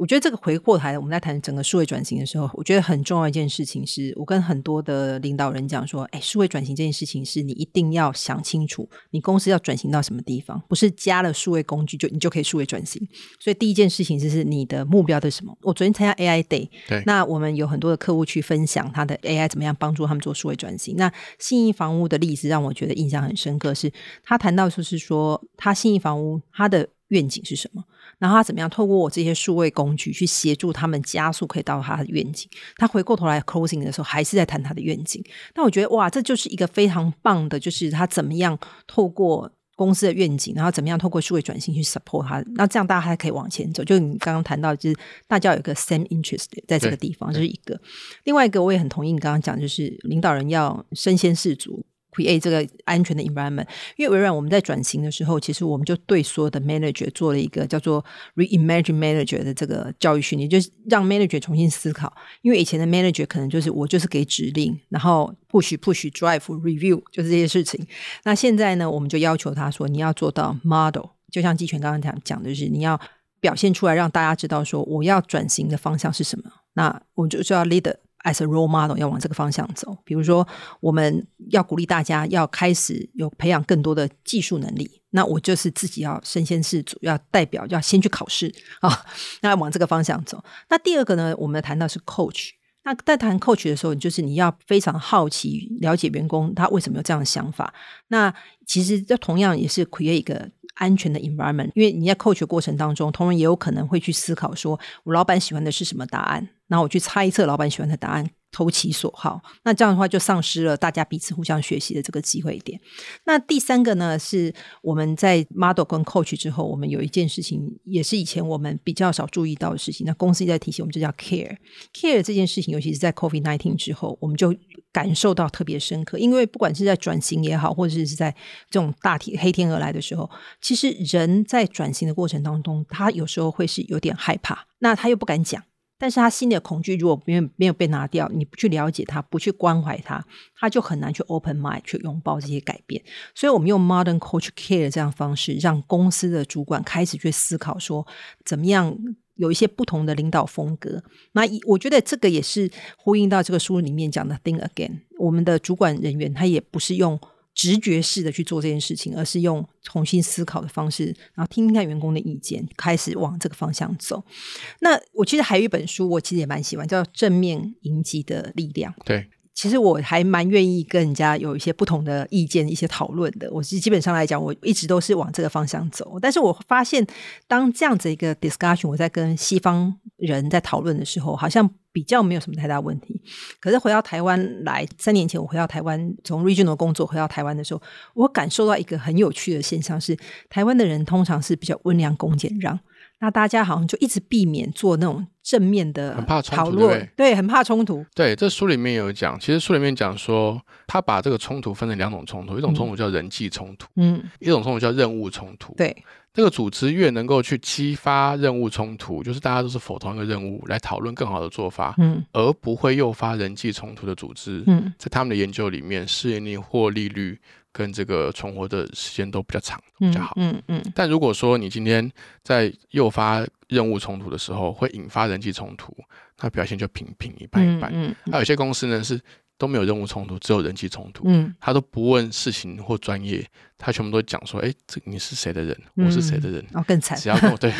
我覺得這個回過頭來，我們在談整個數位轉型的時候，我覺得很重要一件事情是，我跟很多的領導人講說：“哎，數位轉型這件事情，是你一定要想清楚，你公司要轉型到什麼地方，不是加了數位工具就你就可以數位轉型。所以第一件事情就是你的目標的什麼。”我昨天參加 AI Day，對，那我們有很多的客戶去分享他的 AI 怎麼樣幫助他們做數位轉型。那信義房屋的例子讓我覺得印象很深刻是，是他談到就是說，他信義房屋他的願景是什麼？然後他怎麼樣透過我這些數位工具去協助他們加速，可以到他的願景。他回過頭來 closing 的時候，還是在談他的願景。但我覺得哇，這就是一個非常棒的，就是他怎麼樣透過公司的願景，然後怎麼樣透過數位轉型去 support 他。那這樣大家還可以往前走。就你剛剛談到，就是大家有個 same interest 在這個地方，嗯、就是一個、嗯。另外一個我也很同意你剛剛講，就是領導人要身先士卒。create 這個安全的 environment，因為微軟我們在轉型的時候，其實我們就對所有的 manager 做了一個叫做 reimagine manager 的這個教育訓練，就是讓 manager 重新思考。因為以前的 manager 可能就是我就是給指令，然後 push push drive review 就是這些事情。那現在呢，我們就要求他說你要做到 model，就像季全剛剛講講的，就是你要表現出來讓大家知道說我要轉型的方向是什麼。那我們就叫 leader。As a role model 要往這個方向走，比如說我們要鼓勵大家要開始有培養更多的技術能力，那我就是自己要身先士卒，要代表要先去考試啊，那往這個方向走。那第二個呢，我們談到是 coach。那在談 coach 的時候，就是你要非常好奇了解員工他為什麼有這樣的想法。那其實就同樣也是 create 一個安全的 environment，因為你在 coach 的過程當中，同樣也有可能會去思考說我老闆喜歡的是什麼答案。然後我去猜測老板喜歡的答案，投其所好。那這樣的話就喪失了大家彼此互相學習的這個機會點。那第三個呢，是我們在 model 跟 coach 之後，我們有一件事情，也是以前我們比較少注意到的事情。那公司一直在提醒我們，就叫 care。care 這件事情，尤其是在 COVID nineteen 之後，我們就感受到特別深刻。因為不管是在轉型也好，或者是在這種大體黑天鵝來的時候，其實人在轉型的過程當中，他有時候會是有點害怕，那他又不敢講。但是他心裡的恐懼，如果沒有沒有被拿掉，你不去了解他，不去關懷他，他就很難去 open mind 去擁抱這些改變。所以，我們用 modern coach care 這樣的方式，讓公司的主管開始去思考，說怎麼樣有一些不同的領導風格。那我覺得這個也是呼應到這個書裡面講的 think again，我們的主管人員他也不是用。直覺式的去做這件事情，而是用重新思考的方式，然後聽聽看員工的意見，開始往這個方向走。那我其實還有一本書，我其實也蠻喜歡，叫《正面迎擊的力量》。對，其實我還蠻願意跟人家有一些不同的意見、一些討論的。我其實基本上來講，我一直都是往這個方向走。但是我發現，當這樣子一個 discussion，我在跟西方人在討論的時候，好像。比較沒有什麼太大問題。可是回到台灣來，三年前我回到台灣，從 Regional 工作回到台灣的時候，我感受到一個很有趣的現象是，台灣的人通常是比較溫良恭儉讓。那大家好像就一直避免做那種正面的討論對對，對，很怕衝突。對，這書裡面有講，其實書裡面講說，他把這個衝突分成兩種衝突，一種衝突叫人際衝突，嗯，一種衝突叫任務衝突。嗯、衝突衝突對，這個組織越能夠去激發任務衝突，就是大家都是否同一個任務來討論更好的做法，嗯，而不會誘發人際衝突的組織，嗯，在他們的研究裡面，適應力或利率，跟這個存活的時間都比較長，比較好。嗯嗯，嗯。但如果說你今天在誘發任務衝突的時候，會引發人際衝突，那表現就平平一般一般。嗯。嗯嗯，那有些公司呢是都沒有任務衝突，只有人際衝突。嗯。他都不問事情或專業，他全部都講說：“哎、欸，這你是誰的人？我是誰的人？哦，更慘。”只要跟我、嗯、對，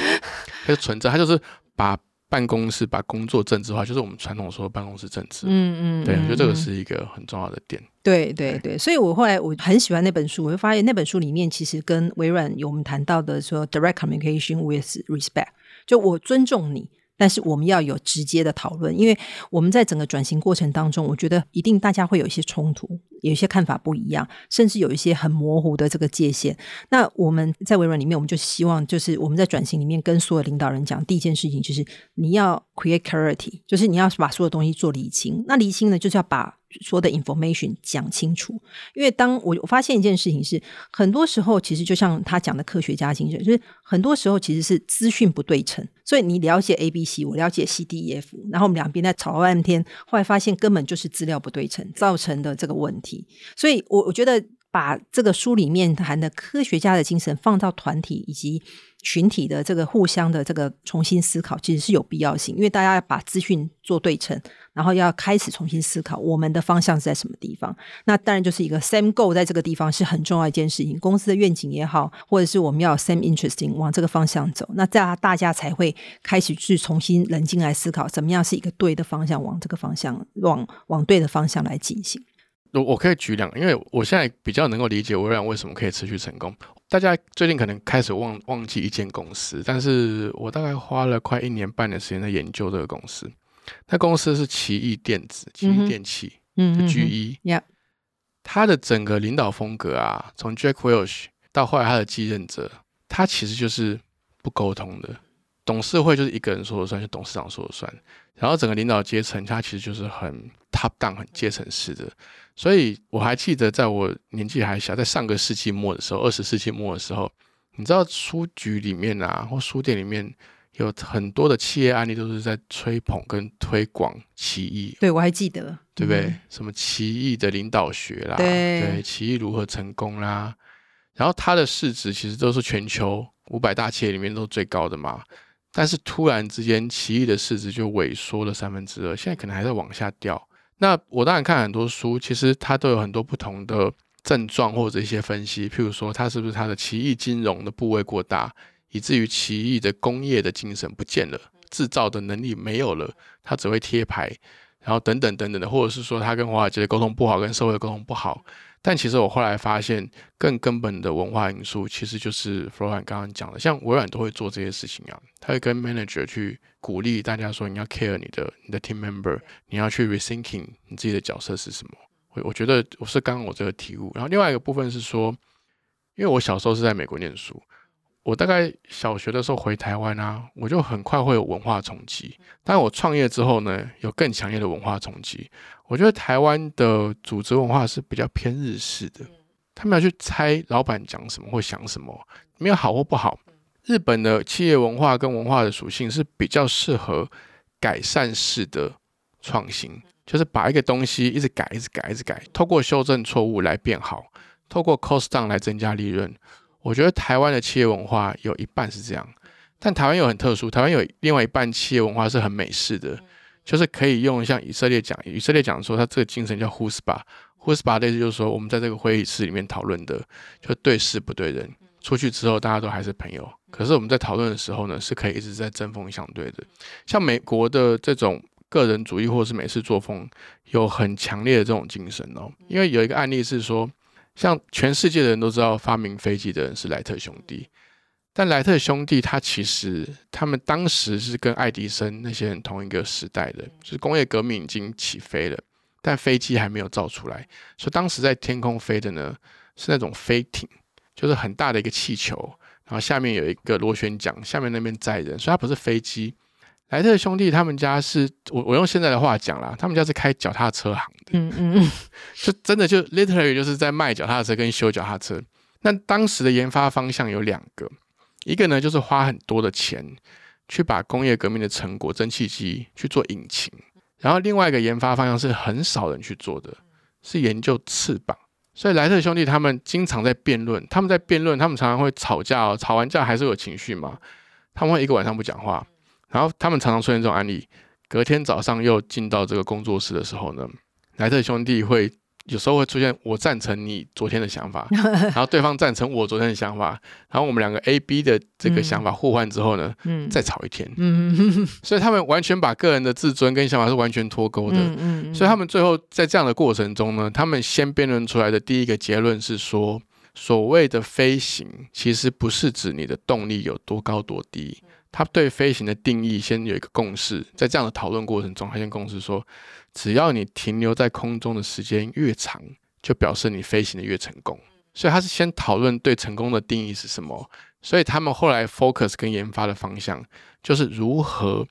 他就存在，他就是把。辦公室把工作政治化，就是我們傳統說的辦公室政治。嗯嗯，對，我覺得這個是一個很重要的點。對對對，所以我後來我很喜歡那本書，我就發現那本書裡面其實跟微軟有我們談到的說 direct communication with respect，就我尊重你。但是我們要有直接的討論，因為我們在整個轉型過程當中，我覺得一定大家會有一些衝突，有一些看法不一樣，甚至有一些很模糊的這個界限。那我們在微軟裡面，我們就希望就是我們在轉型裡面跟所有領導人講，第一件事情就是你要 create clarity，就是你要把所有東西做釐清。那釐清呢，就是要把說的 information 講清楚，因為當我發現一件事情是，很多時候其實就像他講的科學家精神，就是很多時候其實是資訊不對稱，所以你了解 A B C，我了解 C D E F，然後我們兩邊在吵了半天，後來發現根本就是資料不對稱造成的這個問題，所以我我覺得把這個書裡面談的科學家的精神放到團體以及群體的這個互相的這個重新思考，其實是有必要性，因為大家要把資訊做對稱。然後要開始重新思考我們的方向是在什麼地方。那當然就是一個 same goal 在這個地方是很重要一件事情。公司的願景也好，或者是我們要 same interesting 往這個方向走，那大家大家才會開始去重新冷靜來思考，怎麼樣是一個對的方向，往這個方向往往對的方向來進行。我我可以舉兩個，因為我現在比較能夠理解微軟為什麼可以持續成功。大家最近可能開始忘忘記一間公司，但是我大概花了快一年半的時間在研究這個公司。他公司是奇異電子、奇異電器，嗯、mm -hmm.，就 G 一，他的整個領導風格啊，從 Jack Welch 到後來他的繼任者，他其實就是不溝通的，董事會就是一個人說了算，就董事長說了算，然後整個領導階層他其實就是很 top down、很階層式的。所以我還記得，在我年紀還小，在上個世紀末的時候，二十世紀末的時候，你知道，書局裡面啊，或書店裡面。有很多的企業案例都是在吹捧跟推廣奇異，對，我還記得，對不對？嗯、什麼奇異的領導學啦，對，奇異如何成功啦，然後它的市值其實都是全球五百大企業裡面都是最高的嘛，但是突然之間奇異的市值就萎縮了三分之二，現在可能還在往下掉。那我當然看很多書，其實它都有很多不同的症狀或者一些分析，譬如說它是不是它的奇異金融的部位過大？以至於奇異的工業的精神不見了，製造的能力沒有了，他只會貼牌，然後等等等等的，或者是說他跟華爾街的溝通不好，跟社會的溝通不好。但其實我後來發現，更根本的文化因素其實就是弗蘭剛剛講的，像微軟都會做這些事情啊，他會跟 manager 去鼓勵大家說，你要 care 你的你的 team member，你要去 rethinking 你自己的角色是什麼。我我覺得我是剛剛我這個體悟。然後另外一個部分是說，因為我小時候是在美國念書。我大概小學的時候回台灣啊，我就很快會有文化衝擊。但我創業之後呢，有更強烈的文化衝擊。我覺得台灣的組織文化是比較偏日式的，他們要去猜老闆講什麼或想什麼，沒有好或不好。日本的企業文化跟文化的屬性是比較適合改善式的創新，就是把一個東西一直改、一直改、一直改，透過修正錯誤來變好，透過 cost down 來增加利潤。我覺得台灣的企業文化有一半是這樣，但台灣有很特殊，台灣有另外一半企業文化是很美式的，就是可以用像以色列講，以色列講說他這個精神叫 chutzpah，chutzpah 類似就是說我們在這個會議室裡面討論的，就對事不對人，出去之後大家都還是朋友，可是我們在討論的時候呢，是可以一直在針鋒相對的。像美國的這種個人主義或者是美式作風，有很強烈的這種精神哦、喔。因為有一個案例是說。像全世界的人都知道發明飛機的人是萊特兄弟，但萊特兄弟他其實他們當時是跟愛迪生那些人同一個時代的，就是工業革命已經起飛了，但飛機還沒有造出來，所以當時在天空飛的呢是那種飛艇，就是很大的一個氣球，然後下面有一個螺旋槳，下面那邊載人，所以它不是飛機。萊特兄弟他們家是我，我用現在的話講啦，他們家是開腳踏車行的，嗯嗯嗯，就真的就 literally 就是在賣腳踏車跟修腳踏車。那當時的研發方向有兩個，一個呢就是花很多的錢去把工業革命的成果蒸汽機去做引擎，然後另外一個研發方向是很少人去做的，是研究翅膀。所以萊特兄弟他們經常在辯論，他們在辯論，他們常常會吵架哦，吵完架還是有情緒嘛，他們會一個晚上不講話。然後他們常常出現這種案例，隔天早上又進到這個工作室的時候呢，萊特兄弟會有時候會出現，我贊成你昨天的想法， 然後對方贊成我昨天的想法，然後我們兩個 A、B 的這個想法互換之後呢，嗯、再吵一天、嗯。所以他們完全把個人的自尊跟想法是完全脫鈎的。嗯嗯嗯。所以他們最後在這樣的過程中呢，他們先辯論出來的第一個結論是說，所謂的飛行其實不是指你的動力有多高多低。他對飛行的定義先有一個共識，在這樣的討論過程中，他先共識說，只要你停留在空中的時間越長，就表示你飛行的越成功。所以他是先討論對成功的定義是什麼。所以他們後來 focus 跟研發的方向就是如何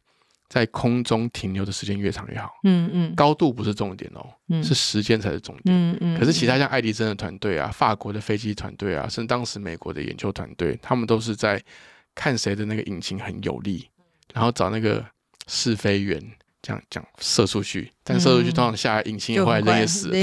在空中停留的時間越長越好。嗯嗯，高度不是重點哦，嗯、是時間才是重點。嗯嗯嗯、可是其他像愛迪生的團隊啊，法國的飛機團隊啊，甚至當時美國的研究團隊，他們都是在。看誰的那個引擎很有力，然後找那個試飛員。這樣這樣射出去，但射出去通常下來引擎也會、嗯、累死，對，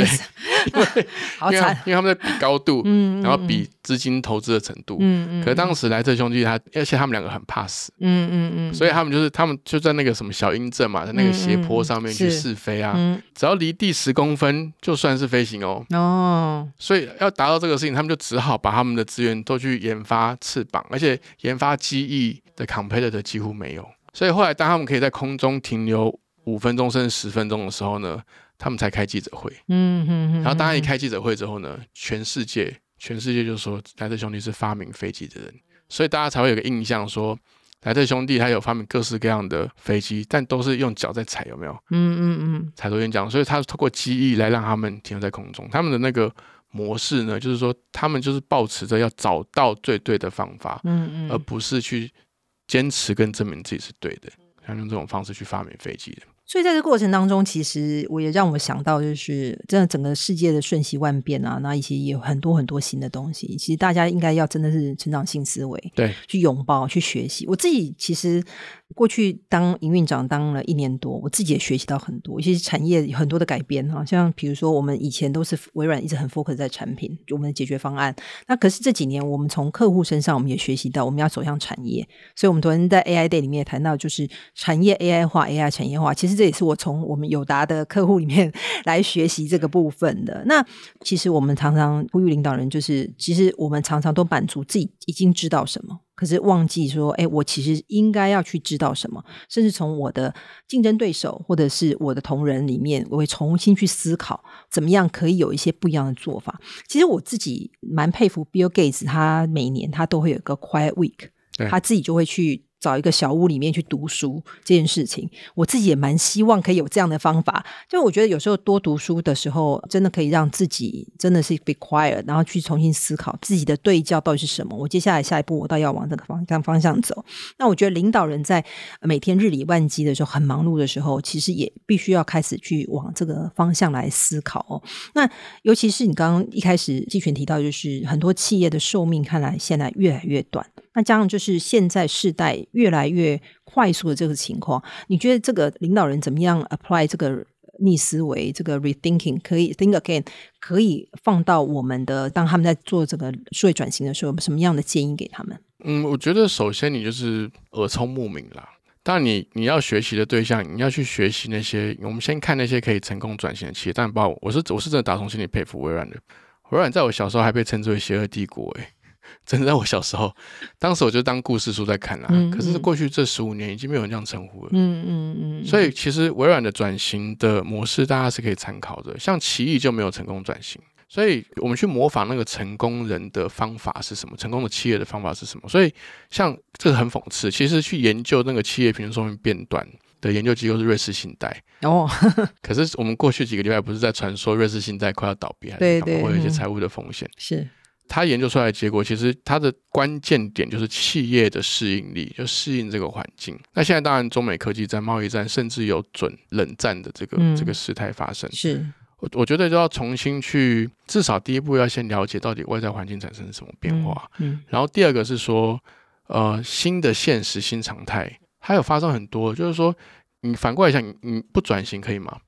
因為因為他們在比高度，嗯嗯、然後比資金投資的程度，嗯嗯、可是可當時萊特兄弟他，而且他們兩個很怕死，嗯嗯嗯，所以他們就是他們就在那個什麼小鷹鎮嘛，在那個斜坡上面去試飛啊，嗯嗯嗯、只要離地十公分就算是飛行哦。哦所以要達到這個事情，他們就只好把他們的資源都去研發翅膀，而且研發機翼的 competitor 幾乎沒有。所以後來當他們可以在空中停留，五分鐘甚至十分鐘的時候呢，他們才開記者會。嗯、哼哼。然後，當然一開記者會之後呢，全世界全世界就說萊特兄弟是發明飛機的人，所以大家才會有個印象說萊特兄弟他有發明各式各樣的飛機，但都是用腳在踩，有沒有？嗯嗯嗯。踩多點講，所以他是透過機翼來讓他們停留在空中。他們的那個模式呢，就是說他們就是保持着要找到最對的方法嗯嗯，而不是去堅持跟證明自己是對的，他用這種方式去發明飛機的。所以在這個過程當中，其實我也讓我想到，就是真的整個世界的瞬息萬變啊，那一些有很多很多新的東西，其實大家應該要真的是成長性思維，對，去擁抱，去學習。我自己其實。過去當營運長當了一年多，我自己也學習到很多。其實產業有很多的改變哈，像比如說我們以前都是微軟一直很 focus 在產品，就我們的解決方案。那可是這幾年我們從客戶身上，我們也學習到我們要走向產業。所以，我們昨天在 AI Day 裡面也談到，就是產業 AI 化、AI 產業化。其實這也是我從我們友達的客戶裡面來學習這個部分的。那其實我們常常呼籲領導人，就是其實我們常常都滿足自己已經知道什麼。可是忘記說，誒、欸，我其實應該要去知道什麼，甚至從我的競爭對手或者是我的同仁裡面，我會重新去思考怎麼樣可以有一些不一樣的做法。其實我自己蠻佩服 Bill Gates，他每年他都會有一個 Quiet Week，他自己就會去。找一個小屋裡面去讀書這件事情，我自己也蠻希望可以有這樣的方法，就我覺得有時候多讀書的時候，真的可以讓自己真的是 BE QUIET，然後去重新思考自己的對焦到底是什麼。我接下來下一步，我倒要往這個方向方向走。那我覺得領導人在每天日理萬機的時候很忙碌的時候，其實也必須要開始去往這個方向來思考哦。那尤其是你剛剛一開始季全提到，就是很多企業的壽命看來現在越來越短。那加上就是現在世代越來越快速的這個情況，你覺得這個領導人怎麼樣 apply 這個逆思維，這個 rethinking 可以 think again，可以放到我們的當他們在做這個數位轉型的時候，什麼樣的建議給他們？嗯，我覺得首先你就是耳聰目明啦。當然你，你你要學習的對象，你要去學習那些我們先看那些可以成功轉型的企業。但不，括我是我是真的打從心裡佩服微軟的。微軟在我小時候還被稱之為邪惡帝國哎、欸。真的，在我小時候，當時我就當故事書在看啦、啊嗯嗯。可是過去這十五年，已經沒有人這樣稱呼了。嗯，嗯嗯嗯。所以其實微軟的轉型的模式，大家是可以參考的。像奇異就沒有成功轉型，所以我們去模仿那個成功人的方法是什麼？成功的企業的方法是什麼？所以像這個很諷刺，其實去研究那個企業平均壽命變短的研究機構是瑞士信貸。哦。 可是我們過去幾個禮拜不是在傳說瑞士信貸快要倒閉，對對，對，我有一些財務的風險是。他研究出來的結果，其實它的關鍵點就是企業的適應力，就適應這個環境。那現在當然，中美科技在貿易戰，甚至有準冷戰的這個、嗯、這個事態發生。是，我我覺得就要重新去，至少第一步要先了解到底外在環境產生了什麼變化。嗯。然後第二個是說，呃，新的現實、新常態，它有發生很多，就是說，你反過來想，你不轉型可以嗎？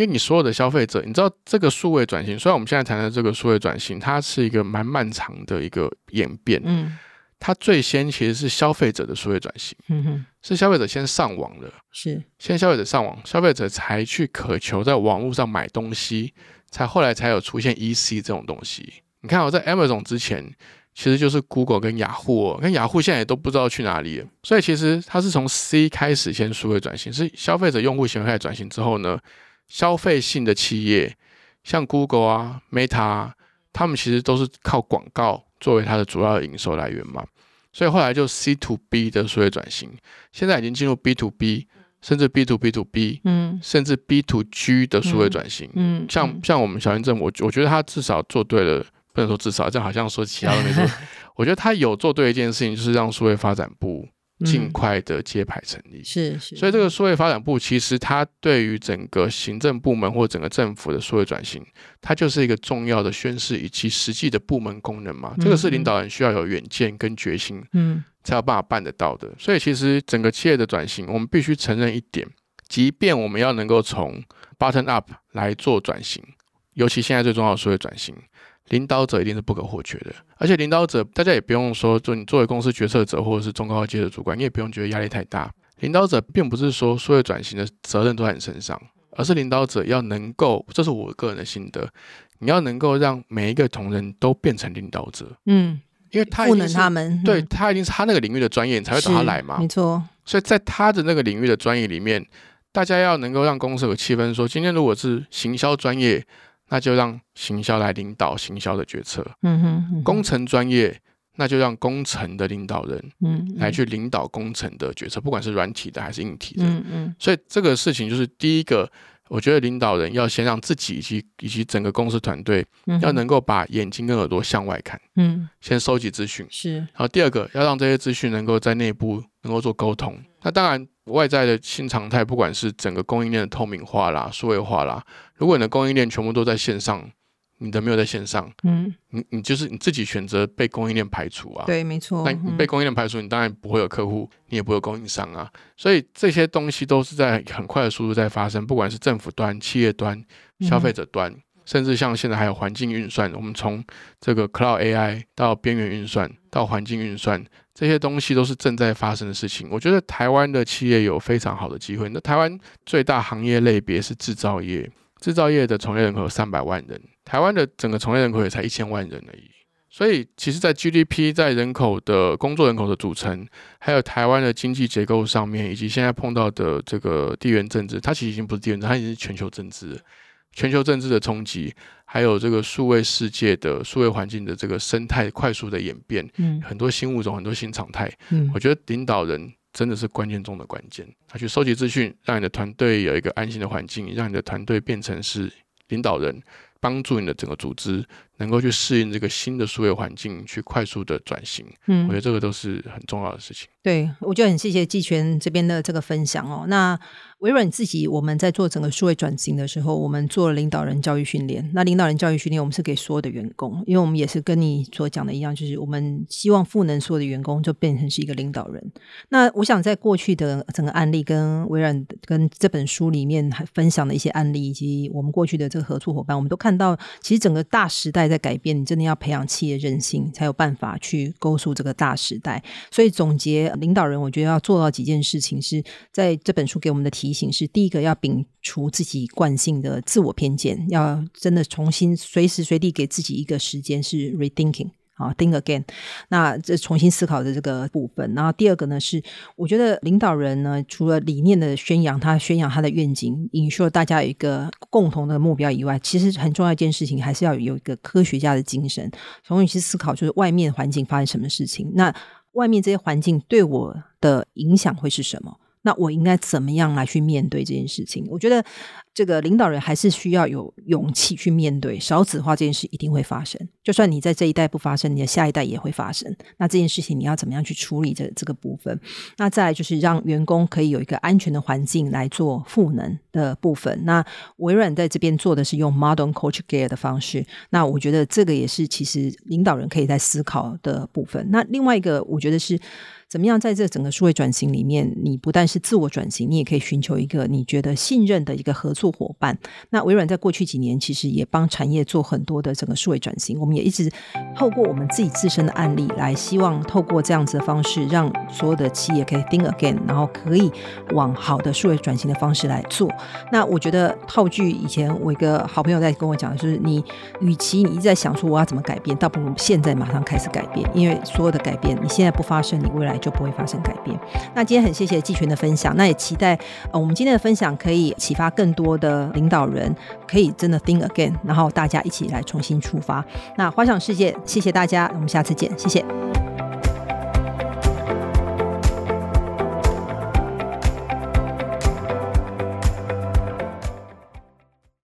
因為你所有的消費者，你知道這個數位轉型，雖然我們現在談的這個數位轉型，它是一個蠻漫長的一個演變。嗯，它最先其實是消費者的數位轉型，嗯哼、是消費者先上網的，是先消費者上網，消費者才去渴求在網路上買東西，才後來才有出現 EC 這種東西。你看我、哦、在 Amazon 之前，其實就是 Google 跟雅虎，跟雅虎現在也都不知道去哪裡了。所以其實它是從 C 開始先數位轉型，是消費者用戶行為開始轉型之後呢？消費性的企業，像 Google 啊、Meta 啊，他們其實都是靠廣告作為它的主要的營收來源嘛。所以後來就 C to B 的數位轉型，現在已經進入 B to B，甚至 B to B to B，嗯，甚至 B to G 的數位轉型，嗯，嗯像像我們小英政，我我覺得他至少做對了，不能說至少，這樣好像說其他的沒做。 我覺得他有做對一件事情，就是讓數位發展部。盡快的揭牌成立。嗯是，是，所以這個數位發展部其實它對於整個行政部門或整個政府的數位轉型，它就是一個重要的宣示以及實際的部門功能嘛。這個是領導人需要有遠見跟決心，才有辦法辦得到的。所以其實整個企業的轉型，我們必須承認一點，即便我們要能夠從 bottom up 來做轉型。尤其現在最重要的是會轉型，領導者一定是不可或缺的。而且領導者，大家也不用說，就你作為公司決策者或者是中高階的主管，你也不用覺得壓力太大。領導者並不是說所有轉型的責任都在你身上，而是領導者要能夠，這是我個人的心得，你要能夠讓每一個同仁都變成領導者。嗯，因為他不能他們，嗯、對他一定是他那個領域的專業，你才會找他來嘛，沒錯。所以在他的那個領域的專業裡面，大家要能夠讓公司有氣氛說，說今天如果是行銷專業。那就讓行銷來領導行銷的決策，嗯嗯、工程專業，那就讓工程的領導人，來去領導工程的決策，嗯嗯，不管是軟體的還是硬體的，嗯嗯，所以這個事情就是第一個，我覺得領導人要先讓自己以及以及整個公司團隊，要能夠把眼睛跟耳朵向外看，嗯嗯，先收集資訊，是。然後第二個，要讓這些資訊能夠在內部能夠做溝通，那當然。外在的新常態，不管是整個供應鏈的透明化啦、數位化啦，如果你的供應鏈全部都在線上，你的沒有在線上，嗯，你你就是你自己選擇被供應鏈排除啊。對，沒錯。那你被供應鏈排除，嗯，你當然不會有客戶，你也不會有供應商啊。所以這些東西都是在很快的速度在發生，不管是政府端、企業端、消費者端，嗯，甚至像現在還有環境運算，嗯，我們從這個 Cloud AI 到邊緣運算到環境運算。這些東西都是正在發生的事情。我覺得台灣的企業有非常好的機會。那台灣最大行業類別是制造業，制造業的從業人口有三百萬人，台灣的整個從業人口也才一千萬人而已。所以，其實，在 GDP、在人口的工作人口的組成，還有台灣的經濟結構上面，以及現在碰到的這個地緣政治，它其實已經不是地緣政治，它已經是全球政治。全球政治的衝擊，還有這個數位世界的數位環境的這個生態快速的演變，嗯，很多新物種，很多新常態，嗯，我覺得領導人真的是關鍵中的關鍵，他去收集資訊，讓你的團隊有一個安心的環境，讓你的團隊變成是領導人幫助你的整個組織能夠去適應這個新的數位環境，去快速的轉型，嗯，我覺得這個都是很重要的事情。對，我就很謝謝季全這邊的這個分享哦，那。微軟自己，我們在做整個數位轉型的時候，我們做了領導人教育訓練。那領導人教育訓練，我們是給所有的員工，因為我們也是跟你所講的一樣，就是我們希望賦能所有的員工，就變成是一個領導人。那我想在過去的整個案例跟微軟跟這本書裡面還分享的一些案例，以及我們過去的這個合作伙伴，我們都看到，其實整個大時代在改變。你真的要培養企業韌性，才有辦法去勾塑這個大時代。所以總結領導人，我覺得要做到幾件事情是在這本書給我們的提。是：第一個要摒除自己慣性的自我偏見，要真的重新隨時隨地給自己一個時間是 rethinking 啊，think again。那這重新思考的這個部分。然後第二個呢是，我覺得領導人呢，除了理念的宣揚，他宣揚他的願景，ensure 大家有一個共同的目標以外，其實很重要一件事情，還是要有一個科學家的精神，從你去思考，就是外面環境發生什麼事情，那外面這些環境對我的影響會是什麼？那我應該怎麼樣來去面對這件事情？我覺得這個領導人還是需要有勇氣去面對。少子化這件事一定會發生，就算你在這一代不發生，你的下一代也會發生。那這件事情你要怎麼樣去處理這個、這個部分？那再來就是讓員工可以有一個安全的環境來做賦能的部分。那微軟在這邊做的是用 Modern Coach Gear 的方式。那我覺得這個也是其實領導人可以在思考的部分。那另外一個，我覺得是。怎麼樣，在這整個數位轉型裡面，你不但是自我轉型，你也可以尋求一個你覺得信任的一個合作夥伴。那微軟在過去幾年其實也幫產業做很多的整個數位轉型。我們也一直透過我們自己自身的案例來，希望透過這樣子的方式，讓所有的企業可以 think again，然後可以往好的數位轉型的方式來做。那我覺得套句以前我一個好朋友在跟我講，就是你，與其你一直在想說我要怎麼改變，倒不如現在馬上開始改變，因為所有的改變你現在不發生，你未來。就不會發生改變。那今天很謝謝季全的分享，那也期待呃我們今天的分享可以啟發更多的領導人，可以真的 think again，然後大家一起來重新出發。那花想世界，謝謝大家，我們下次見，謝謝。